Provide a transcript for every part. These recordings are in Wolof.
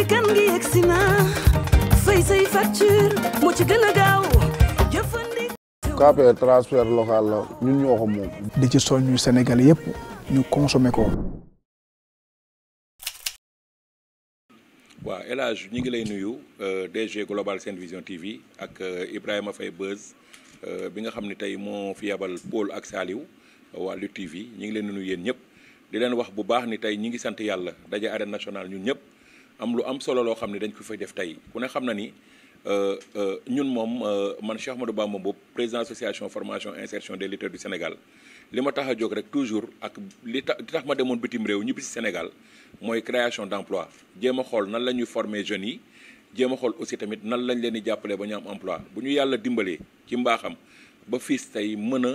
mooy kan gi local la ñun ñoo moom di ci soññu Sénégal yëpp ñu consommé ko waaw El ñu ngi lay nuyu euh, DG Global Sen Vision TV ak euh, Ibrahima Faye Beuz bi nga xam ni tey moo fi yabal ak Saliou waa Lutte TV ñu ngi leen nuyu yéen ñëpp di leen wax bu baax ni tey ñi ngi sant yàlla daje arène national ñun ñëpp am lu am solo loo xam ne dañ ko fay def tey ku ne xam na ni euh, euh, ñun moom euh, man ma Ahmadou Bamba Mboup président association formation insertion de lutteurs du Sénégal li ma tax a jóg rek toujours ak li tax li ma demoon bitim réew ñibbi si Sénégal mooy création d'emploi jéem a xool nan la ñuy former jeunes yi jéem a xool aussi tamit nan lañ leen di jàppale ba ñu am emploi bu ñu yàlla dimbalee ci mbaaxam ba FILS tey mën a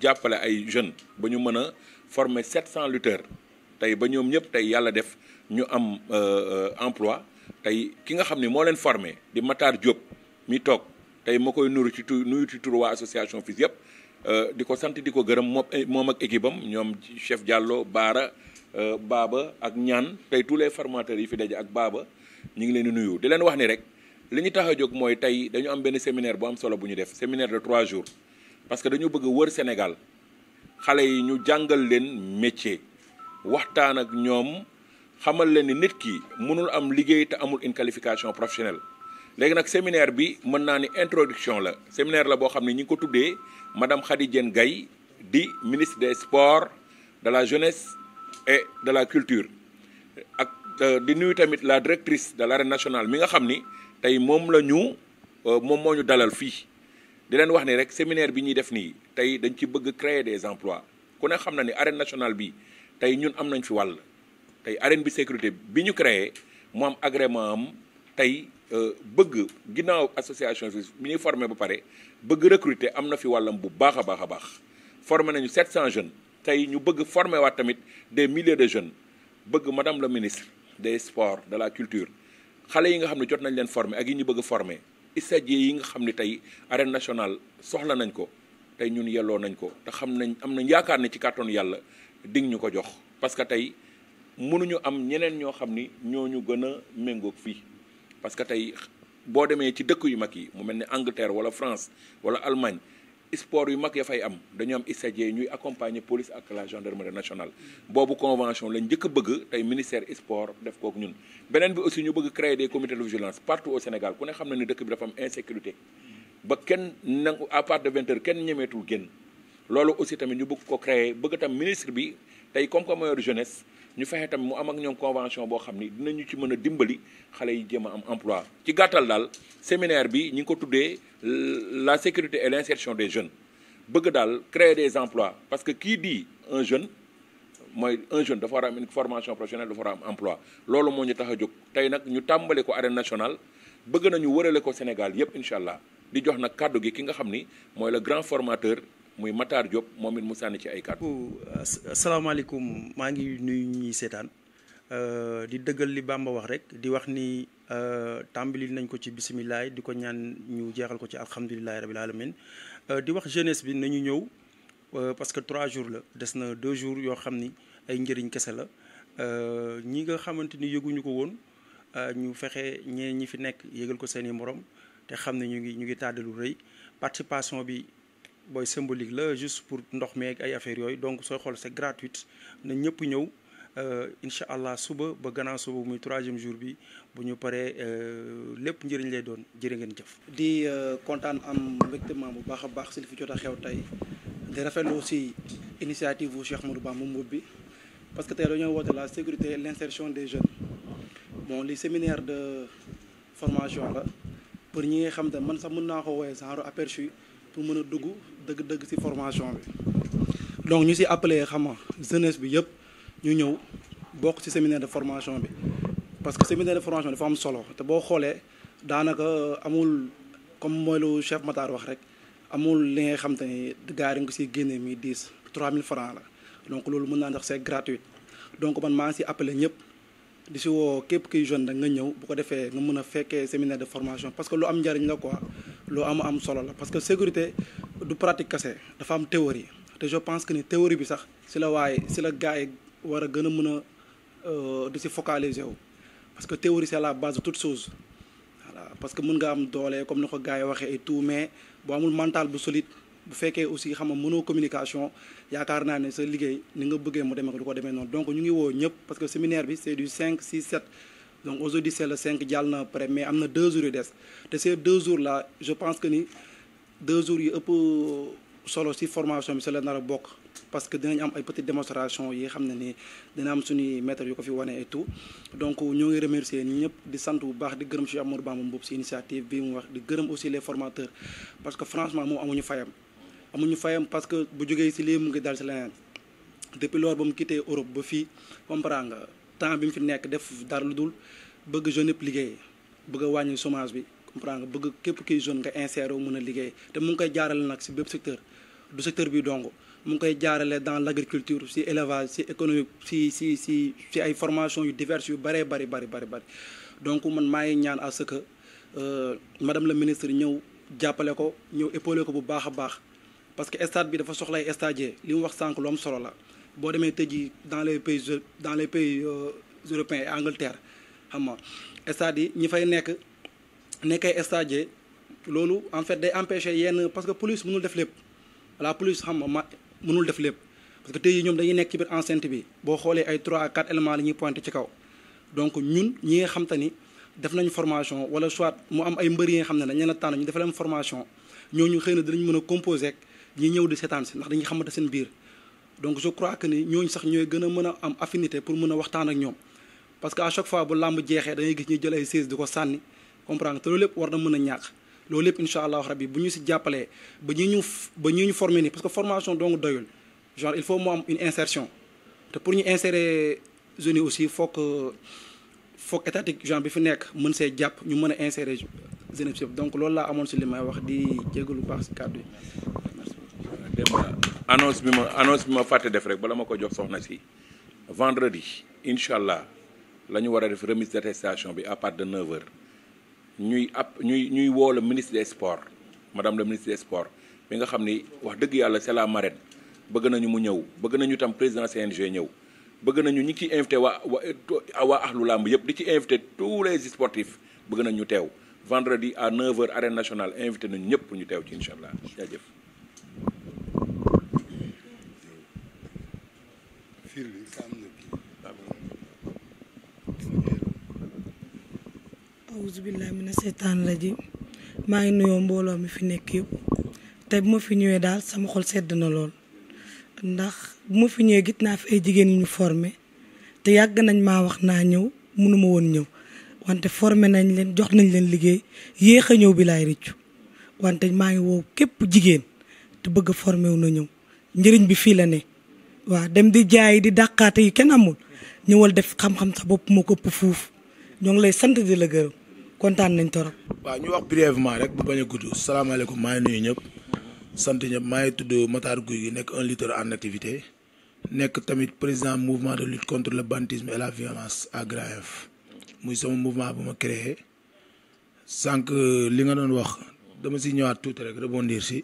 jàppale ay jeunes ba ñu mën a former 700 lutteurs. tey ba ñoom ñëpp tey yàlla def ñu am euh, euh, emploi tey ki nga xam ni moo leen formé di Matar Diop mi toog tey ma koy nuru ci tu nuyu ci turu waa association FIS yëpp euh, di ko sant di ko gërëm moom eh, moom ak équipe am ñoom chef Diallo Baara baaba ak ñaan tey tous les formateur yi fi daje ak baaba ñu ngi leen di nuyu di leen wax ni rek li ñu tax a jóg mooy tey dañu am benn séminaire bu am solo bu ñu def séminaire de trois jours parce que dañu bëgg wër Sénégal xale yi ñu jàngal leen métier. waxtaan ak ñoom xamal leen ni nit ki mënul am liggéey te amul une qualification professionnelle léegi nag séminaire bi mën naa ni introduction la séminaire la boo xam ne ñi ngi ko tuddee madame Khady Diène gay di ministre des sport de la jeunesse et de la culture ak euh, di nuyu tamit la directrice de l'arène national mi nga xam ni tey moom la ñu euh, moom moo ñu dalal fii di leen wax ni rek séminaire bi ñuy def nii tey dañ ci bëgg créer des emplois ku ne xam na ni arène nationale bi tey ñun am nañ fi wàll tey arène bi sécurité bi ñu créer mu am agrément am tey euh, bëgg ginnaaw association bi bi ñuy formé ba pare bëgg recruter am na fi wàllam bu baax a baax a baax formé nañu 700 jeunes tey ñu bëgg formé waat tamit des milliers de jeunes bëgg madame la ministre des sports de la culture xale yi nga xam ne jot nañ leen formé ak yi ñu bëgg formé stadier yi nga xam ni tey arène nationale soxla nañ ko tey ñun yelloo nañ ko te xam nañ am nañ yaakaar ne ci kàttanu yàlla dig ñu ko jox parce que tey mënuñu am ñeneen ñoo xam ni ñooñu gën a méngoog fii parce que tey boo demee ci dëkk yu mag yi mu mel ni Angleterre wala France wala Allemagne sport yu mag ya fay am dañu am stadier ñuy accompagner police ak la gendarmerie nationale boobu convention lañ njëkk bëgg tey ministère sport def kook ñun beneen bi aussi ñu bëgg créer des comités de vigilance partout au Sénégal ku ne xam na ni dëkk bi dafa am insécurité ba kenn nangu à part de vingt kenn ñemeetul génn loolu aussi tamit ñu bëgg ko créer bëgg tam ministre bi tey comme que mayor jeunesse ñu fexe tam mu am ak ñoom convention boo xam ni dinañu ci mën a dimbali xale yi jéem am emploi ci gàttal daal séminaire bi ñi ngi ko tuddee la sécurité et l'insertion des jeunes bëgg daal créer des emplois parce que kii di un jeune mooy un jeune dafa war a am une formation professionnelle dafa war am emploi loolu moo ñu tax a jóg tey nag ñu tàmbale ko arène national bëgg nañu warale ko Sénégal yépp incha allah di jox nag kàddu gi ki nga xam ni mooy le grand formateur muy Matar Diop moom it mu sànni ci ay kàddu. asalaamaaleykum maa ngi nuyu ñi seetaan euh, di dëggal li Bamba wax rek di wax ni euh, tàmbali nañ ko ci bisimilah di ko ñaan ñu jeexal ko ci alhamdulilah rabil alamin euh, di wax jeunesse bi nañu ñëw parce que trois jours la des na deux jours yoo xam ni ay njëriñ kese la ñi nga xamante ni yëguñu ko woon ñu fexe ñee ñi fi nekk yëgal ko seen i morom te xam ne ñu ngi ñu ngi tàddalu rëy participation bi. booy symbolique la juste pour ndox mee ay affaire yooyu donc soo xool c'est gratuite na ñëpp ñëw euh, incha allah suba ba gannaaw suba muy troisième jour bi bu ñu paree euh, lépp njëriñ lay doon jërë ngeen jëf. di euh, kontaan am mbégtement bu baax a baax si li fi jot a xew tey di rafetlu aussi initiative bu Cheikh Modou Bamba Mboup bi parce que tey dañoo woote la sécurité et l'insertion des jeunes bon li séminaire de formation la pour ñi nga xam ne man sax mën naa ko woowee genre aperçu. pour mën a dugg dëgg-dëgg ci formation bi donc ñu ci appelé xam nga jeunesse bi yëpp ñu ñëw bokk ci séminaire de formation bi parce que séminaire de formation dafa am solo te boo xoolee daanaka amul comme mooy lu chef Matar wax rek amul li nga xam te ni gars yi nga ko siy génnee mi diis mille francs la donc loolu mën naa ndax c'est gratuit donc man maa ngi si apple ñëpp di si woo képp kiy jeune da nga ñëw bu ko defee nga mën a fekkee séminaire de formation parce que lu am njariñ la quoi loo am am solo la parce que sécurité du pratique kese dafa am théorie te je pense que ni théorie bi sax si la waaye si la gars yi war a gën a mën a euh, di si focaliser wu parce que théorie c'est la base de toute chose voilà parce que mën nga am doole comme ni ko gars waxee et tout mais boo amul mental bu solide bu fekkee aussi xam nga mënoo communication yaakaar naa ne sa liggéey ni nga bëggee mu demee du ko demee noonu donc ñu ngi woo ñëpp parce que séminaire donc aujourd'hui c'est le 5 jàll na pare mais am na deux jours yu des te ces deux jours là je pense que ni deux jours yi ëpp solo ci formation bi sa la nar a bokk parce que dinañ am ay petite démonstration yi xam ne ni dina am suñuy maître yu ko fi wane et tout donc ñoo ngi remercier ñëpp di sant bu baax di gërëm ci Amadou Bamba Mboup ci initiative bi mu wax di gërëm aussi les formateur parce que franchement moom amuñu fayam amuñu fayam parce que bu jógee ci lii mu ngi dal ci leneen depuis loolu ba mu quitté ba fii comprendre temps bi mu fi nekk def dara lu dul bëgg jeune yëpp liggéey bëgg wàññi chômage bi comprendre nga bëgg képp kiy jeune nga insérer mën a liggéey te mu ngi koy jaarale nag si bépp secteur du secteur bi dong mu ngi koy jaarale dans l' agriculture si élevage si économique si si si si ay formation yu diverses yu bëree bëri bëri bëri bëri donc man maa ngi ñaan à ce que euh, madame la ministre ñëw jàppale ko ñëw épaulé ko bu baax a baax parce que stade bi dafa soxlay stadier li mu wax sànq lu solo la boo demee tey jii dans les pays dans les pays euh, européens et Angleterre xam nga c'est-à-dire ñi fay nekk nekkee stagiaire loolu en fait day empêcher yenn parce que police mënul def lépp la police xam nga ma mënul def lépp parce que tey jii ñoom dañuy nekk ci biir enceinte bi boo xoolee ay trois à quatre éléments la ñuy pointé ci kaw donc ñun ñi nga xam te ni def nañu formation wala soit mu am ay mbër yi nga xam ne dañ leen a tànn ñu def leen formation ñooñu xëy na dinañ mën a composé ak ñi ñëw di seetaan ndax dañuy xamante seen biir. donc je crois que ni ñooñu sax ñooy gën a mën a am affinité pour mën a waxtaan ak ñoom parce que à chaque fois bu làmb jeexee da ngay gis ñu jël ay siis di ko sànni comprendre te loolu lépp war na mën a ñàkk loolu lépp incha allahu rabi bu ñu si jàppalee ba ñu ñu ba ñu ñu former nii parce que formation donc doyul genre il faut mu am une te pour ñu insérer jeunes aussi foog foog étatique genre bi fi nekk mën see jàpp ñu mën a insérer jeunes donc loolu laa amoon si li may wax di jégalu baax si kàddu yi. annonce bi ma annonce bi ma fàtte def rek bala ma ko jox soxna si vendredi incha allah la ñu war a def remise d'attestation bi à partir de 9h ñuy app ñuy ñuy woo ministre des sports madame le ministre des sports bi nga xam ni wax dëgg yàlla c'est la marraine bëgg nañu mu ñëw bëgg nañu tam président CNG ñëw bëgg nañu ñi ci invité waa waa waa ahlu làmb yëpp di ci invité tous les sportifs bëgg nañu ñu teew vendredi à 9h arène nationale invité nañu ñëpp ñu teew ci incha allah jaajëf. awuzu billaahi mina seytaani rajiim maa ngi nuyoo mbooloo mi fi nekk yëpp tey bu ma fi ñëwee daal sama xol sedd na lool ndax bu ma fi ñëwee gis naa fi ay jigéen yu ñu formé te yàgg nañ maa wax naa ñëw mënuma woon ñëw wante formé nañ leen jox nañ leen liggéey yéex a ñëw bi laay rëccu wante maa ngi woo képp jigéen te bëgg a formé wu na ñëw njëriñ bi fii la ne waaw dem di jaay di dàqaate yi kenn amul ñëwal def xam-xam sa bopp moo ko ëpp fuuf ñoo ngi lay sant di la gërëm kontaan nañ torop waa ñu wax brièvement rek bu bañ gudd salaamaaleykum maa ngi nuyu ñëpp sant ñëpp maa ngi tudd Matar Guy gi nekk un lutteur en activité nekk tamit président mouvement de lutte contre le banditisme et la violence à muy sama mouvement bu ma créé sànq li nga doon wax dama si ñëwaat tuuti rek rebondir si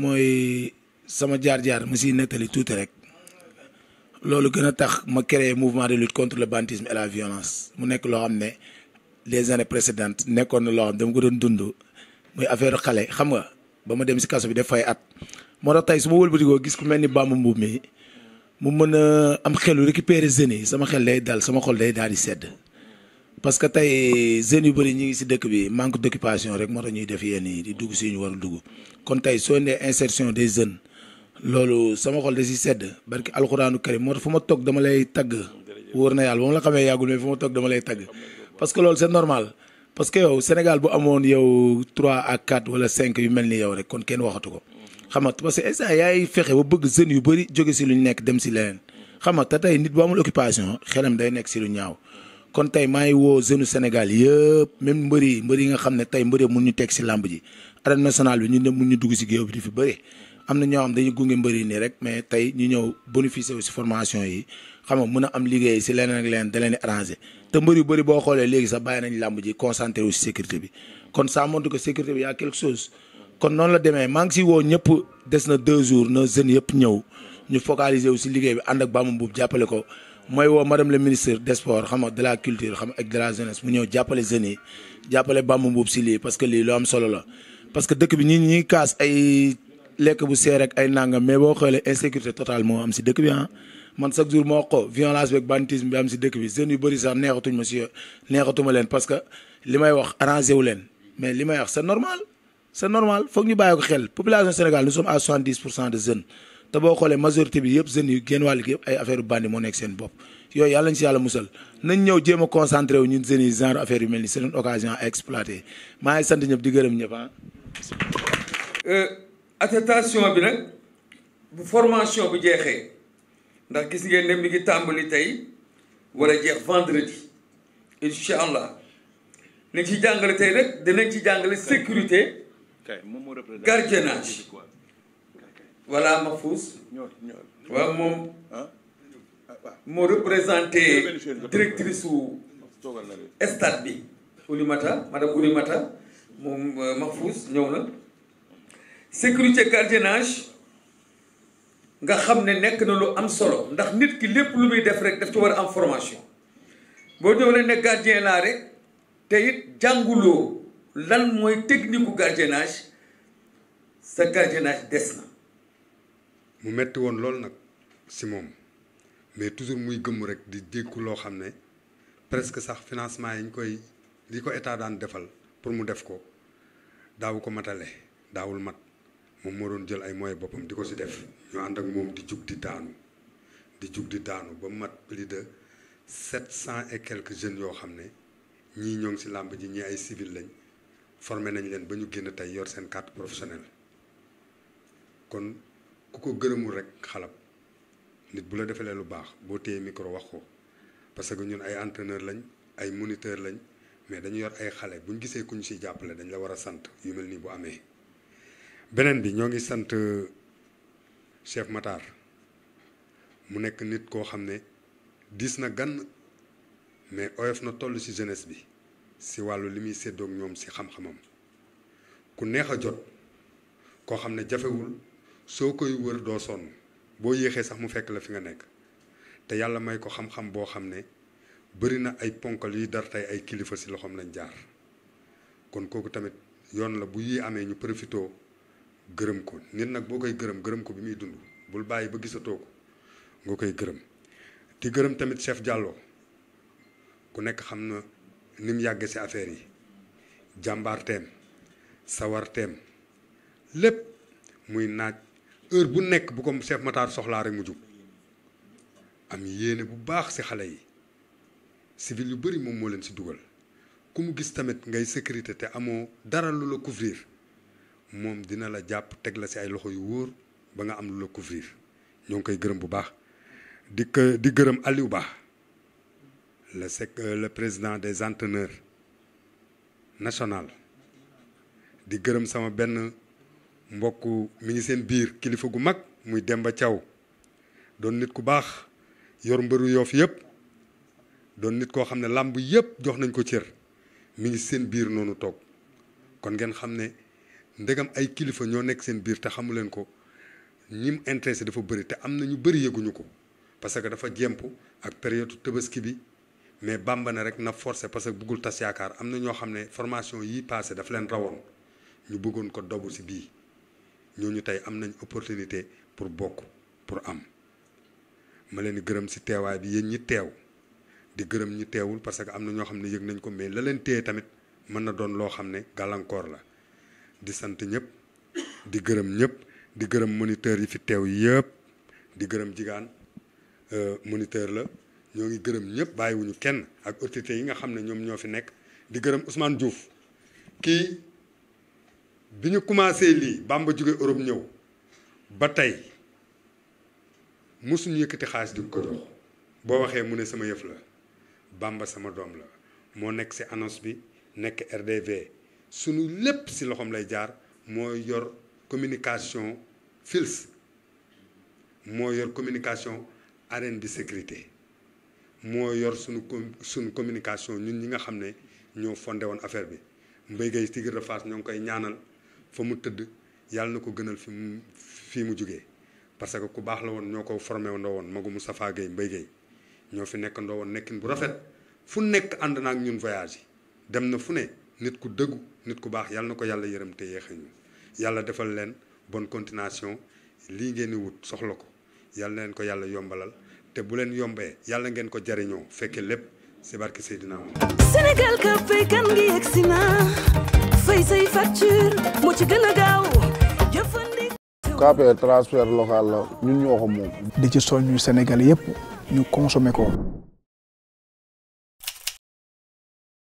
mooy sama jaar-jaar mu siy nettali tuuti rek loolu gën a tax ma créé mouvement de lutte contre le banditisme et la violence mu nekk loo xam ne les années précédentes nekkoon na loo xam ne dama ko doon dundu muy affaire xale xam nga ba ma dem si kaso bi def fay at. moo tax tey su ma wëlbatikoo gis ku mel ni Bamba Mbuub mi mu mën a am xelu récupérer jeunes yi sama xel day dal sama xol day daal di sedd parce que tey jeunes yu bari ñu ngi si dëkk bi manque d'occupation rek moo tax ñuy def yenn yi di dugg si ñu war dugg kon tey soo nee insertion des jeunes. loolu sama xol da si sedd barki alxuraanu karim moo tax fu ma toog dama lay tagg wóor na yàlla ba ma la xamee yàggul mais fu ma toog dama lay tagg parce que loolu c'est normal parce que yow Sénégal bu amoon yow 3 a 4 wala 5 yu mel ni yow rek kon kenn waxatu ko xam nga parce que instant yaay fexe ba bëgg jeunes yu bëri jóge si lu ñu nekk dem si leneen xam nga te tey nit bu amul occupation xelam day nekk si lu ñaaw kon tey maa ngi woo jeune Sénégal yëpp même mbër yi mbër yi nga xam ne tey mbër mun ñu teg si làmb ji arène nationale bi ñu ne mun ñu dugg si géew bi di am na ñoo xam dañuy gunge mbëri nii rek mais tey ñu ñëw bénéficier wu si formation yi xam nga a am liggéey si leneen ak leneen da leen di arrangé te mbëri bëri boo xoolee léegi sax bàyyi nañ làmb ji concentré si sécurité bi kon ça montre que sécurité bi y a quelque chose kon noonu la demee maa ngi si woo ñëpp des na deux jours na jeunes yëpp ñëw ñu focaliser wu si liggéey bi ànd ak Bamba Mbuub jàppale ko mooy woo madame le ministre des sports xam nga de la culture xam ak de la jeunesse mu ñëw jàppale jeunes yi jàppale Bamba Mbuub si lii parce que lii lu am solo la lekk bu seer ak ay nangam mais boo xoolee insécurité total moo am si dëkk bi ah man chaque jour moo ko violence beeg banditisme bi am si dëkk bi jeunes yu bëri sax neexatuñ ma si neexatuma leen parce que li may wax arrangé wu leen mais li may wax sa normal sa normal foog ñu bàyyi ko xel population Sénégal nous sommes à 70 pour cent de jeunes te boo xoolee majorité bi yëpp jeunes yu génn wàll gi yëpp ay affaire bandi moo nekk seen bopp yooyu yàlla ñu a concentré wu ñun jeunes yi mel ni c'est une occasion à exploiter maa ngi sant ñëpp gërëm ah. euh, attestation bi nag bu formation bu jeexee ndax gis ngeen ne mi ngi tàmbali tey wala jeex vendredi incha allah li ci jàngale tey rek dinañ ci jàngale sécurité gardiennage voilà Mahfouz waaw moom moo représenté directrice wu stade bi Oulimata madame Oulimata moom euh, Mahfouz ñëw na sécurité gardiennage nga xam ne nekk na lu am solo ndax nit ki lépp lu muy def rek daf ci war a am formation boo ñëw ne nekk laa rek te it jànguloo lan mooy technique gu gardiennage sa gardiennage des na. mu metti woon loolu nag si moom mais toujours muy gëmm rek di jékku loo xam ne presque sax financement yi ñu koy li ko état daan defal pour mu def ko daawu ko matale daawul mat. moom moo doon jël ay moyens boppam di ko si def ñu ànd ak moom di jug di daanu di jug di daanu ba mat plus de sept cent et quelques jeunes yoo xam ne ñii ñoo ngi si làmb ji ñii ay civil lañ formé nañ leen ba ñu génn tey yor seen carte professionnelle kon ku ko gërëmul rek xalab nit bu la defalee lu baax boo téyee micro wax ko parce que ñun ay entraîneur lañ ay moniteur lañ mais dañu yor ay xale bu ñu gisee kuñu ñu siy jàppale dañ la war a sant yu mel nii bu amee. beneen bi ñoo ngi sant euh, chef Matar mu nekk nit koo xam ne diis na gan mais oyof na toll ci jeunesse bi ci wàllu li muy séddoog ñoom ci xam-xamam ku neex a jot koo xam ne jafewul soo koy wër doo sonn boo yéexee sax mu fekk la fi nga nekk te yàlla may ko xam-xam boo xam ne bëri na ay ponkal yuy dar tey ay kilifa ci loxoom lañ jaar kon kooku tamit yoon la bu yi amee ñu profitoo gërëm ko nit nag boo koy gërëm gërëm ko bi muy dund bul bàyyi ba gisatoo ko nga koy gërëm di gërëm tamit chef Diallo ku nekk xam na ni mu yàgg si affaire yi jàmbaarteem sawarteem lépp muy naaj heure bu nekk bu ko chef Matar soxlaa rek mu jub am yéene bu baax si xale yi civil yu bëri moom moo leen si dugal ku mu gis tamit ngay sécurité te amoo dara lu la couvrir. moom dina la jàpp teg la si ay loxo yu wóor ba nga am lu la couvrir ñoo ngi koy gërëm bu baax di ko di gërëm Aliou Ba le sec euh, le président des entraîneurs national di gërëm sama benn mbokk mi ngi seen biir kilifa gu mag muy Demba Thiaw doon nit ku baax yor mbëru Yoff yëpp doon nit koo xam ne làmb yëpp jox nañ ko cër mi ngi seen biir noonu toog kon ngeen xam ne ndegam ay kilifa ñoo nekk seen biir te xamu leen ko ñim intéressé dafa bëri te am na ñu bëri yëguñu ko parce que dafa jemp ak période tëbaski bi mais bàmba na rek na forcé parce que bëggul tas yaakaar am na ñoo xam ne formation yi passé dafa leen rawoon ñu bëggoon ko dobu si bii ñooñu tey am nañ opportunité pour bokk pour am ma leen di gërëm si teewaay bi yéen ñi teew di gërëm ñi teewul parce que am na ñoo xam ne yëg nañ ko mais la leen téye tamit mën na doon loo xam ne gàllankoor la di sant ñëpp di gërëm ñëpp di gërëm moniteur yi fi teew yëpp di gërëm jigaan euh, moniteur la ñoo ngi gërëm ñëpp bàyyiwuñu kenn ak autorité yi nga xam ne ñoom ñoo fi nekk di gërëm Ousmane Diouf kii bi ñu commencé lii Bamba jóge Europe ñëw ba tey mosuñu yëkkati xaalis di ko jox boo waxee mu ne sama yëf la Bamba sama doom la moo nekk ci annonce bi nekk RDV suñu lépp si loxoom lay jaar moo yor communication fils moo yor communication arène bi sécurité moo yor suñu suñu communication ñun ñi nga xam ne ñoo fonde woon affaire bi Mbaye Gueye Tigre de Fass ñoo ngi koy ñaanal fa mu tëdd yàlla na ko gënal fi mu fii mu jugee parce que ku baax la woon ñoo ko formé woon woon magu Moustapha Gueye Mbaye Gueye ñoo fi nekk ndoo woon nekkin bu rafet fu nekk ànd na ak ñun voyage yi dem na fu ne nit ku dëggu nit ku baax yàlla na ko yàlla yërëm te yéexañu yàlla defal leen bon continuation lii ngeen wut soxla ko yàlla na leen ko yàlla yombalal te bu leen yombee yàlla ngeen ko jariñoo fekke lépp si barke Seydina Sénégal ka fay kan ngi yegsi na fay say facture moo ci gën a gaaw jëfandikoo transfert local la ñun ñoo ko moom di ci soññu Sénégal yëpp ñu consommé ko